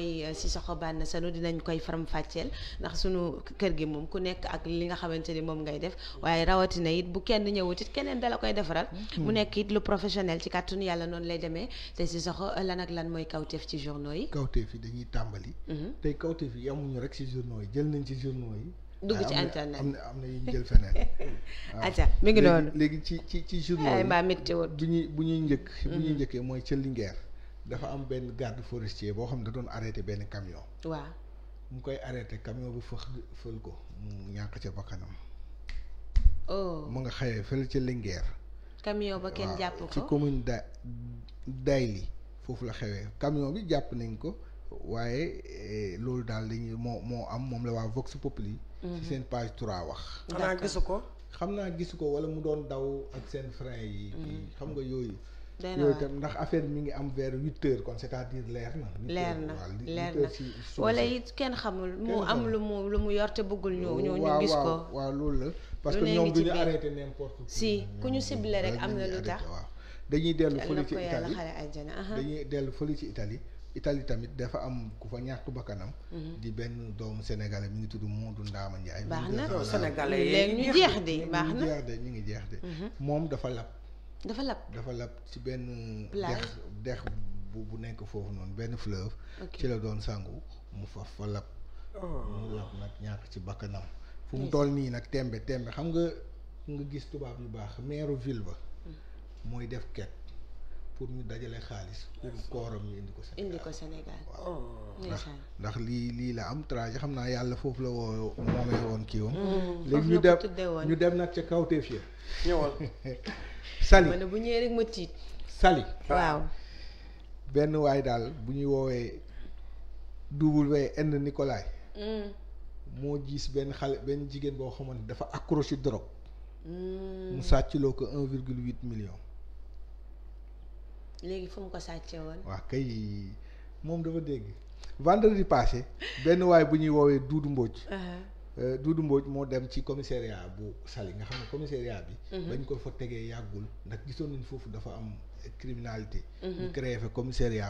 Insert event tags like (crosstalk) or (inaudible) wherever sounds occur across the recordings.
mooy Cissokho euh, Banassanou dinañ koy faram-fàcceel ndax sunu kër gi moom ku nekk ak li nga xamante ni moom ngay def waaye rawatina it bu kenn ñëwut it keneen dala koy defaral. Hmm. mu nekk it lu professionnel ci kàttanu yàlla noonu lay demee te Cissokho euh, lan ak lan mooy kawteef ci journaux yi. kawteef yi dañuy tàmbali. Hmm. tey kawteef yi amuñu rek ci journaux yi jël nañ ci journaux yi. dugg ci internet am na am na yu ñu jël feneen. acca (laughs) mi ngi noonu léegi ci ci ci journaux yi. ay maa météo bu ñuy bu ñuy njëkk. bu ñuy hmm. njëkkee dafa am benn garde forestier boo xam ne da doon arrêté benn camion. waaw mu koy arrêté camion bi fëx fël ko mu ñàkk ca bakkanam. Oh. mu nga xëyee fële ca Linguère. camion ba kenn jàpp ko ci commune da Dayli foofu la xewee camion bi jàpp nañ ko waaye eh, loolu daal dañuy moo moo am moom la waa Vox Populi. ci mhm. seen page 3 wax. xanaa gisu ko. xam naa gisu ko wala mu doon daw ak seen frein yi. Mhm. xam nga yooyu. yooyu tam ndax affaire mi ngi am vers huit heures kon c'est-à-dire leer na. leer na leer na wala it kenn xamul mu am lu mu lu mu yor te bëggul ñëw ñëw ñu gis ko waaw loolu la parce que ñoom du ñu arrêté n'importe si ku ñu ciblé rek am na lu tax dañuy dellu fële ci Italie dañuy dellu tamit dafa am ku fa ñàkk bakkanam mhm. di benn doomu sénégalais mi ngi tudd Modou Ndama Ndiaye baax na sénégalais léegi ñu jeex de baax jeex de ñu ngi mhm. moom dafa lab dafa lab dafa lab ci benn. dex dex bu bu nekk foofu noonu benn fleuve. ci la doon sangu mu fa fa lab. Oh. mu lab nag ñàkk ci bakkanam. fu mu toll nii nag tembe tembe xam nga nga gis tubaab lu baax meeru ville ba. Hmm. mooy def ket. pour ñu dajale xaalis. kooram ñu indi ko Sénégal indi ndax ndax lii lii la am trajet xam naa yàlla foofu la woo moomee woon kii mm-hmm. woon. ñu dem nag ca kawteef ya. ñëwal (laughs) Sali ma ne bu ñëwee waay daal bu ñuy woowee WN Nicolay. Mm. moo gis benn xale benn jigéen boo xamante dafa accroché drogue. Mm. mu sàccloo ko un virgule huit million. léegi fu mu ko sàccee woon. waaw moom dafa dégg vendredi passé benn waay bu ñuy woowee Duudu Mbóoj. Uh-huh. Euh, Duudu Mbóoj moo dem ci commissariat bu Saly nga xam ne commissariat bi. Uh-huh. bañ ko fa tegee yàggul ndax gisoon nañ foofu dafa am criminalité. Uh-huh. ñu créé fa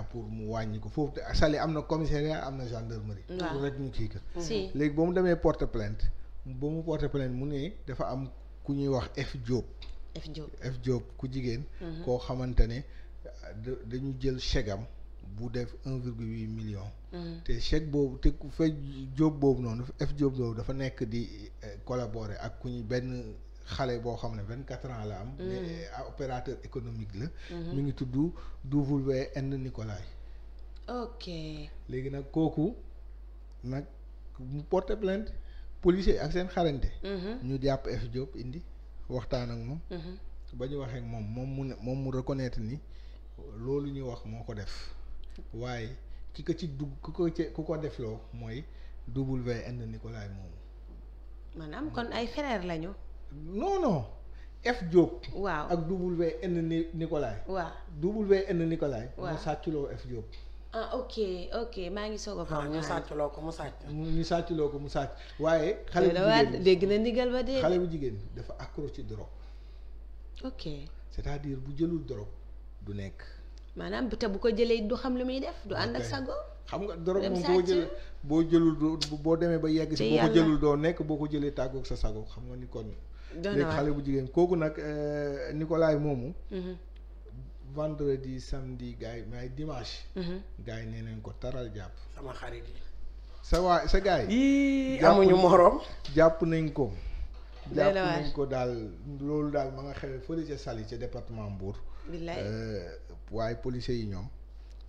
pour mu wàññi ko foofu te Saly am na commissariat am na gendarmerie. waaw rek ñu kii ko. léegi ba mu demee porte plainte ba mu porte plainte mu ne dafa am ku ñuy wax F Diop. F Diop ku jigéen. koo xamante ne. dañu jël check am bu def un virgule million mm-hmm. te chèque boobu te ku fa jóob boobu noonu f jóob boobu dafa nekk di eh, collaborer ak ku ñu benn xale boo xam ne vingt quatre ans la am mm-hmm. mais eh, ah, opérateur économique la mu mm-hmm. ngi tudd WN Nicolay ok léegi nag kooku nag mu porté plainte policier ak seen xarante ñu jàpp f jóob indi waxtaan ak moom ba ñu waxee moom moom mu ne moom mu reconnaître ni loolu ñu wax moo ko def waaye ki ko ci dugg ku ko ci ku ko defloo mooy WN Nicolay moomu. maanaam kon ay frère lañu. non non F Diop. waaw ak WN Nicolay. waaw WN Nicolay. waaw moo sàcculoo F Diop. ah ok ok maa ngi soog a. waaw ah, ñu sàcculoo ko mu sàcc. ñu sàcculoo ko mu sàcc waaye. xale bu jigéen dégg na ndigal ba dee. xale bu jigéen dafa accro ci drogue. ok c'est-à-dire bu jëlul drogue. du nekk. maanaam te bu ko jëlee du xam lu muy def du ànd ak sago xam nga drogue moom boo jël boo jëlul boo demee ba yegg si boo ko jëlul doo nekk boo ko jëlee tàggoog sa sago xam nga ni kon léegi xale bu jigéen kooku nag euh, Nicolas moomu mm-hmm. vendredi samedi gars yi may dimanche mm-hmm. gars yi nee nañ ko taral jàpp sama xarit yi sa waay sa gars yi amuñu morom jàpp nañ ko jàpp nañ ko daal loolu daal ba nga xewee fële ca Saly ca département Mbour euh, waaye policiers yi ñoom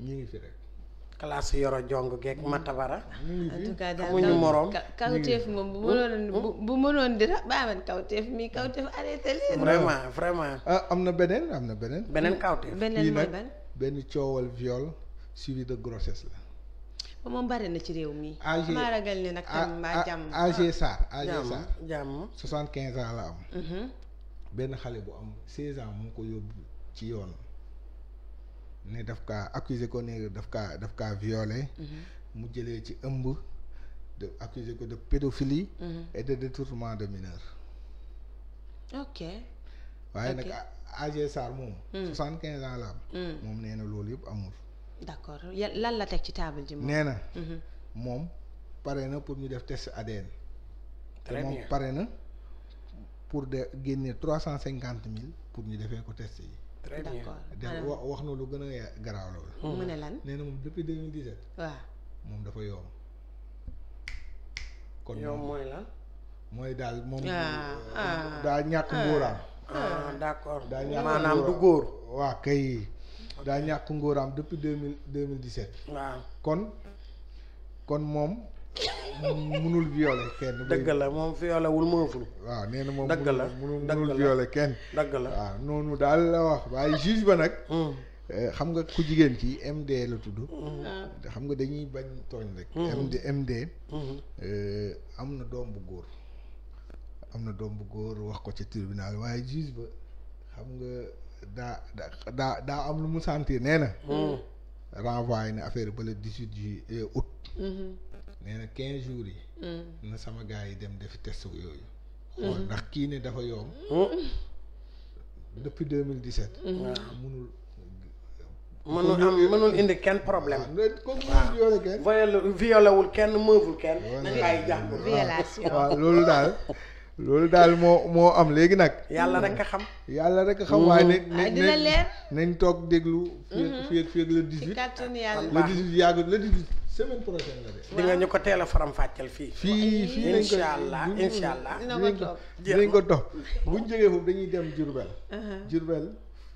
ñu ngi fi rek classe yoro jong geeg hmm. matabara en tout cas daal muñu moroom kawteef moom bu mënoon hmm? bu mënoon di rab baaman kawteef mi kawteef arrêté leen vraiment vraiment ah am na beneen am na beneen beneen kawteef beneen mooy ban benn coowal viol suivi de grossesse la moom bari na ci réew mi. AG maa ragal ne nag jàmm. soixante quinze am. Mhm. benn xale bu am seize ans ci yoon. ne daf kaa accusé ko mhm. ci ëmb. ko de pédophilie. Mhm. de détournement de mineur. ok. waaye nag moom. soixante quinze la am. moom nee loolu yëpp amul. d'accord lan la teg ci table ji. nee na. Mhm. moom pare na pour ñu def test ADN. te moom pare na pour de génne trois cent cinquante mille pour ñu defee ko test yi. def wax wax na lu gën a garaaw loolu. mu ne lan moom depuis moom mooy lan. mooy daal moom. Ah, ah. daa ñàkk ah. nguuraam. d'accord. daa ñàkk góor. waa kay. daa ñàkk ngóoraam depuis deux mille deux mille dix sept. waaw kon kon moom. munul violer kenn. (laughs) dëgg la moom violer wul mënful. waaw nee na moom dëgg la munul munul violer kenn. dëgg la waaw noonu daal la wax waaye juge ba nag. Mm. Eh, xam nga ku jigéen ki MD la tudd. Mm. Ah. xam nga dañuy bañ tooñ rek. MD mm. MD. Eh, am na doom bu góor. am na doom bu góor wax ko ci tribunal waaye juge ba xam nga. daa daa daa am lu mu sentir nee na. Hmm. na affaire ba le dix huit ju euh, août. Mm-hmm. quinze jours yi. Mm. na sama gars yi dem defi test yooyu. Mm-hmm. xool ndax kii ne dafa yomb. Hmm. depuis deux mille dix sept. waaw mm-hmm. ah, munul. mënul indi kenn problème. Ah, comme mënul violé kenn. violé kenn na ngay jàmm violation. waaw loolu daal. (laughs) loolu daal moo moo am léegi nag. yàlla rek a xam. yàlla rek xam waaye nañ mm-hmm. dina nañ toog déglu. fii mm-hmm. fii le 18. ci kàttanu yàlla le 18 yàggut le 18 semaine prochaine la de. di ñu ko teel a faram fàcceel fii. fii fii nañ ko incha allah incha allah. dinañ ko dinañ ko topp bu ñu jógee foofu dañuy dem Diourbel. Uh-huh. Diourbel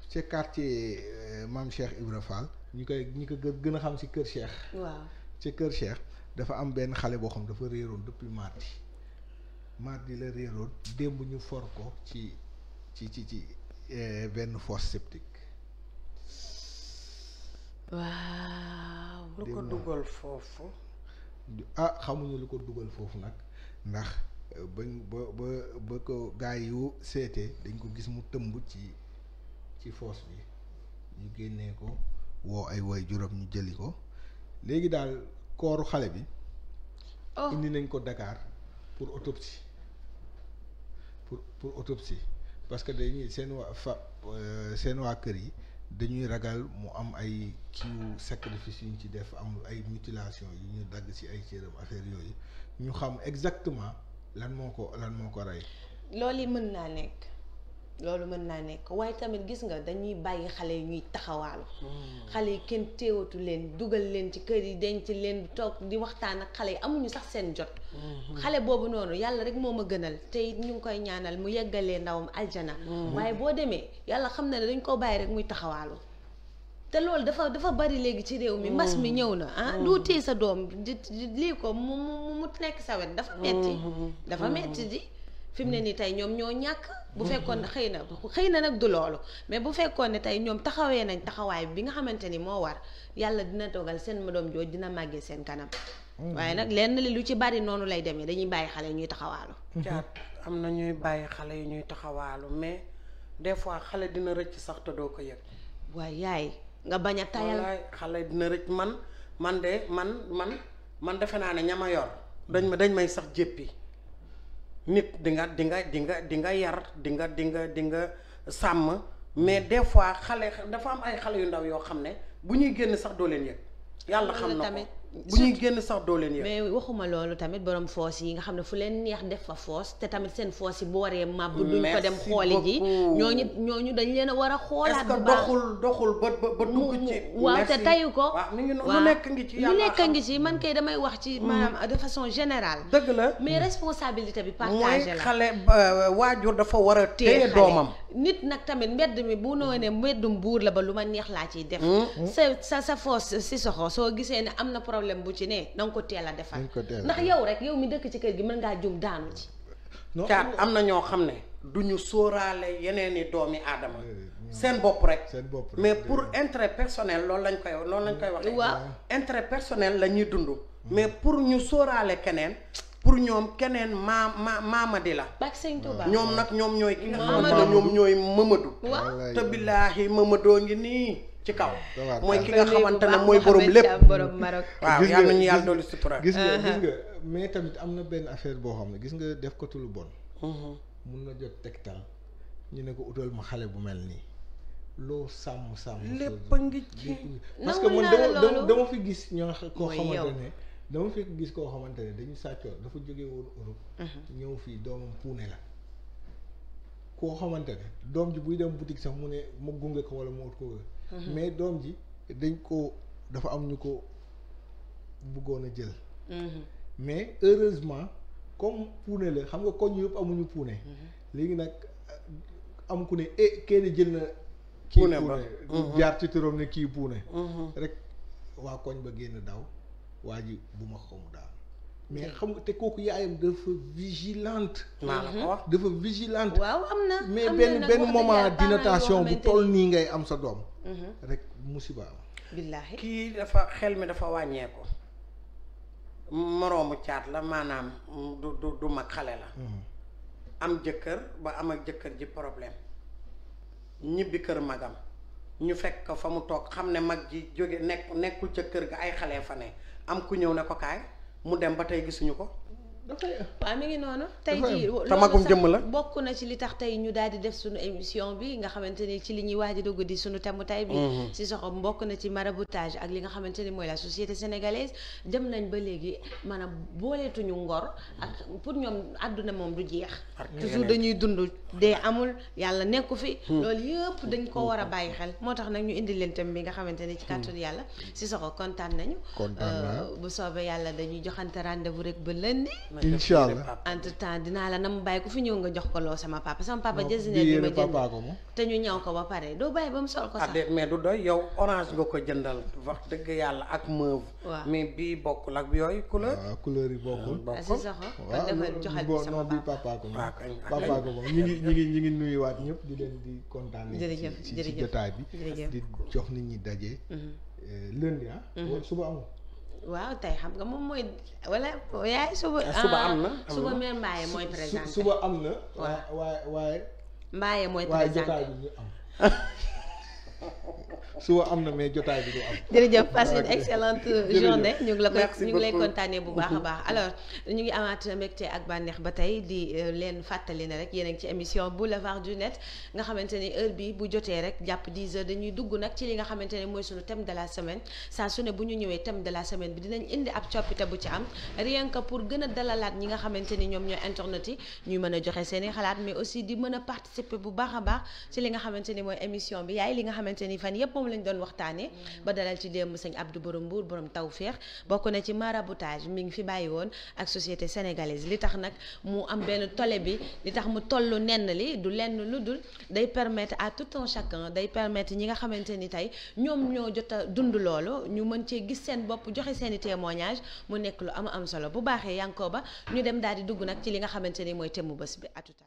ci quartier euh, mam Cheikh Ibra Fall. ñu koy ñu ko gën a xam ci kër Cheikh. ci kër Cheikh dafa am benn xale boo xam dafa réeroon depuis mardi. mardi la réeroon démb ñu for ko ci ci ci ci eh, benn force septique. waaw. lu ko dugal foofu. ah xamuñu lu ko dugal foofu nag ndax eh, bañ ba ba ba ko gaa yu dañ ko gis mu tëmb ci ci fosse bi ñu génnee ko woo ay woy juróom ñu jëli ko léegi daal kooru xale bi. Oh. indi nañ ko dakaar pour autopsie. pour pour autopsie parce que dañuy seen waa fa euh, seen waa kër yi dañuy ragal mu am ay kiiwu sacrifice yu ñu ci def am ay mutilation yu ñu dagg ci ay cëram affaire yooyu ñu xam exactement lan moo ko lan moo ko rey. loolu mën naa nekk. loolu mën naa nekk waaye tamit gis nga dañuy bàyyi xale yi ñuy taxawaalu xale yi kenn téewatu leen dugal leen ci kër yi denc leen toog di waxtaan ak xale yi amuñu sax seen jot mhm. xale boobu noonu yàlla rek moom ma gënal te it ñu koy ñaanal mu yeggalee ndawam aljana mhm. waaye boo demee yàlla xam na ne dañ koo bàyyi rek muy taxawaalu te loolu dafa dafa bari léegi ci réew mi mbas mi mhm. ñëw na ah du téye sa doom di lii ko mu mu mu nekk sa wet dafa metti dafa metti di fi mu ne nii tey ñoom ñoo ñàkk bu mm-hmm. fekkoon xëy na xëy na nag du loolu mais bu fekkoon ne tey ñoom taxawee nañ taxawaay bi nga xamante ni moo war yàlla dina dogal seen doom jooj dina màggee seen kanam mm-hmm. waaye nag lenn li lu ci bari noonu lay demee dañuy bàyyi xale ñuy taxawaalu mm-hmm. caat am na ñuy bàyyi xale yu ñuy taxawaalu mais des fois xale dina rëcc sax te doo ko yëg waaye yaay nga bañ a tayal xale dina rëcc man man de man man man defe naa ne ñama yor dañ ma dañ may sax jéppi nit dinga nga di nga di nga di nga yar dinga dinga dinga sàmm mais des fois xale dafa am ay xale yu ndaw yoo xam ne bu ñuy génn sax doo leen yëg yàlla xam na ko bu ñuy génn sax doo leen mais waxuma loolu tamit borom foos yi nga xam ne fu leen neex def fa foos te tamit seen foos yi bu waree màbb duñ ko dem xooli ji ñooñu ñooñu dañ leen a war a xoolaat bu baax doxul doxul ba ba dugg ci ko waaw lu nekk ngi ngi ci man kay damay wax ci mm. maanaam de façon général dëgg la mais responsabilité bi partagé la mooy xale waajur dafa war a téye doomam nit nag tamit mbedd mi bu noo ne mbeddum buur la ba lu ma neex laa ciy def mm. sa sa sa foos si soxo soo gisee ne am na problème problème bu ci ne danga ko teel a defar ndax yow rek yow mi dëkk ci kër gi mën ngaa jum daanu ci caat am na ñoo xam ne du ñu sóoraale yeneen i doomi aadama eh, seen bopp rek mais pour eh. intérêt personnel loolu lañ koy loolu lañ koy waxee waaw intérêt personnel la ñuy dund hmm. mais pour ñu sooraale keneen pour ñoom keneen maa ma maamadi la hmm. ñoom nag ñoom ñooy ki nga xamante ñoom ñooy Mamadou te billaahi ngi nii ci kaw. mooy ki nga xamante ne mooy borom lépp borom Maroc. waaw yal nañu yàlla dolli sutura. gis nga gis uh-huh. nga mais tamit am na benn affaire boo xam ne gis nga def ko lu bon. Uh-huh. mun na jot tegtal ñu ne ko utal ma xale bu mel nii. loo sàmm sàmm. lépp a ngi ci parce que man dama dama fi gis ñoo koo xamante ne. dama fi gis koo xamante ne dañu sàccoon dafa jóge woon Europe. Uh-huh. ñëw fii doomam puune la. koo xamante ne doom ji buy dem boutique sax mu ne ma gunge ko wala ma ut ko. Mm-hmm. mais doom ji dañ ko dafa am ñu ko bëggoon a jël mm-hmm. mais heureusement comme puune la xam nga koñ yëpp amuñu puune mm-hmm. léegi nag euh, am ku ne eh, kenn jël na kii puune jaar ci turam ne kii puune rek waa koñ ba génn daw waa ji bu ma xaw mu mais xam nga te kooku yaayam dafa vigilante. dafa vigilante. waaw am mais benn benn moment d'annotation bu toll nii ngay am sa doom. Mm-hmm. rek musiba am. billaahi kii dafa xel mi dafa wàññeeku. moroomu caat la maanaam du du du mag xale la. Mm-hmm. am jëkkër ba am ak jëkkër ji problème ñibbi kër magam ñu fekk ko fa mu toog xam ne mag ji jóge nekk nekkul ca kër ga ay xale fa ne am ku ñëw ne ko kaay mu dem ba tey gisuñu ko. waaw mi ngi noonu tey jii loolu sax bokk na ci li tax tey ñu daal di def suñu émission bi nga xamante ni ci li ñuy waaj a dugg di suñu thème tey bi mhm. si soxom bokk na ci maraboutage ak li nga xamante ni mooy la société sénégalaise dem nañ ba léegi maanaam booleetuñu ngor ak pour ñoom àdduna moom du jeex toujours dañuy dund dee amul yàlla nekku fi hmm. loolu yëpp dañ ko war a hmm. bàyyi xel moo tax nag ñu indi leen thème bi nga xamante ni ci kàttanu hmm. yàlla si soxo kontaan nañu euh, bu soobee yàlla dañuy joxante rendez-vous rek ba incha allah entre temps dinaa la na mu bàyyi ku fi ñëw nga jox ko loo sama papa sama papa jësine bi ma jënd te ñu ñaw ko ba pare doo bàyyi ba mu sol ko ah, sax mais du doy yow orange nga ko jëndal wax dëgg yàlla ak mauve mais bii bokkul ak yooyu couleur waaw couleur yi bokkul si saxo dafa joxal ko moom papa ko moom ah, ñu ngi ñu ngi ñu ngi nuyuwaat ñëpp di leen di kontaan jërëjëf ci jotaay bi di jox nit ñi daje mhm. euh, lundi ah mhm. suba amul waaw tey xam nga moom mooy wala yaay suba. suba am na suba mère Mbaye mooy présenté suba am na. waaw waaye waaye. Mbaye mooy présenté waaye jotaay suba am na mais jotaay bi du am. jërëjëf passe une excellente journée ñu ngi la koy ñu ngi lay kontaanee bu baax a baax (laughs) alors ñu ngi amaat mbégte ak bànneex ba tey di euh, leen fàttali ne rek yéen a ci émission boulevard du net nga xamante ni heure bi bu jotee rek jàpp 10 heures dañuy dugg nag ci li nga xamante ne mooy suñu thème de la semaine saa su ne bu ñu ñëwee thème de la semaine bi dinañ indi ab coppite bu ci am rien que pour gën dalalaat ñi nga xamante ni ñoom ñooy internet yi ñuy mën a joxe seen xalaat mais aussi di mën a participer bu baax a baax ci li nga mooy émission bi yaay li nga xamante ni fan yëpp moom lañ doon waxtaanee ba dalal ci démb sëñ Abdou Borom Mbuur borom tawféex bokk na ci maraboutage mi ngi fi bàyyi woon ak société sénégalaise li tax nag mu am benn tole bi li tax mu toll nenn li du lenn lu dul day permettre à tout un chacun day permettre ñi nga xamante ni tey ñoom ñoo jot dund loolu ñu mën cee gis seen bopp joxe seeni témoignage mu nekk lu am am solo bu baaxee yanko ba ñu dem daal di dugg nag ci li nga xamante ni mooy temu bi à tout